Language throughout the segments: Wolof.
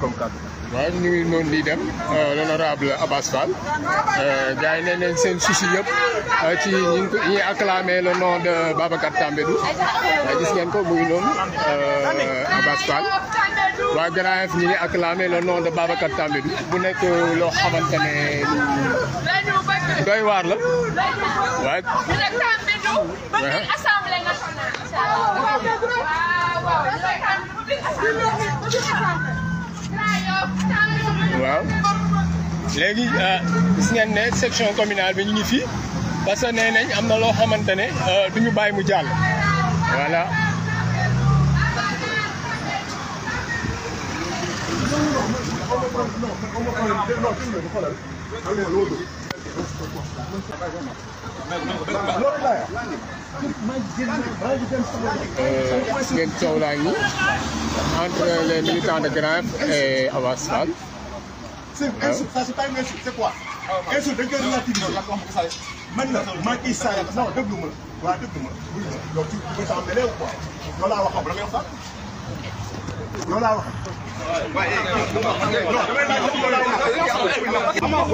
comme kàddu. waaw di dem euh, l'honorable Abass Fall euh, gars yi ne neen seen souci yëpp euh, ci ñi ñi acclamé le nom de Babacar Tambédou gis ngeen ko muy noonu Abass Fall waa ñi ngi acclamé le nom de Babacar Tambédou bu nekk loo xamante ne waar la waaw léegi euh, gis ngeen ne section communale bi ñu ngi fii parce nee nañ am na loo xamante ne euh, du ñu bàyyi mu jàll voilà ngeen coow laa ngi entre les militants de Grand et Abass Fall. c'est pas une insulte, c'est quoi? insulte dañ koy relativiser. man la Macky Sall non déglu ma la waaw déglu ma la. donc tu t'en mêler ou quoi? loolu laa waxoon dama wax loolu laa wax. waa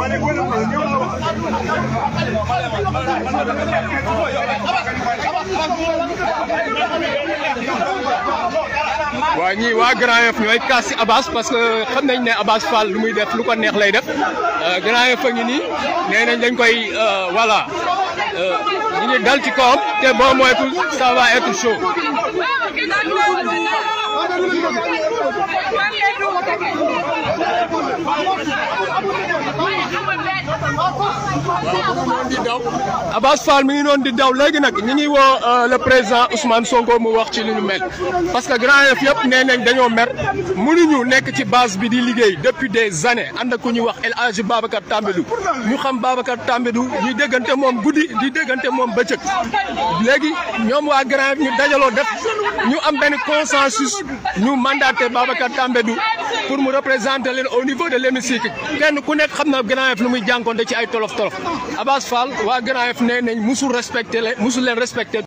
ñii waa Grand Yoff ñooy kaas si parce que xam nañ ne Abass Fall lu muy def lu ko neex lay def euh, Grand Yoff a ngi nii nee nañ dañ koy euh, voilà euh, ñu ngi dal ci kawam te bon mooy tout ça va être chaud. Abass Fall mi ngi noonu di daw léegi nag ñi ngi woo euh, le président Ousmane Sonko mu wax ci li ñu mel parce que Grand Yoff yëpp nee nañ dañoo mu mer mënuñu nekk ci base bi di liggéey depuis des années ànd ku ñuy wax El Hadj Babacar Tambédou ñu xam Babacar Tambédou ñu déggante moom guddi di déggante moom bëccëg léegi ñoom waa Grand Yoff ñu dajaloo def ñu am benn consensus ñu mandaté Babacar Tambédou pour mu représenter leen au niveau de l'hémicycle kenn ku nekk xam na Grand Yoff lu muy jànkoonte ci ay tolof tolof Abass Fall waa Grand Yoff nee nañ musul respecté leen musul leen respecté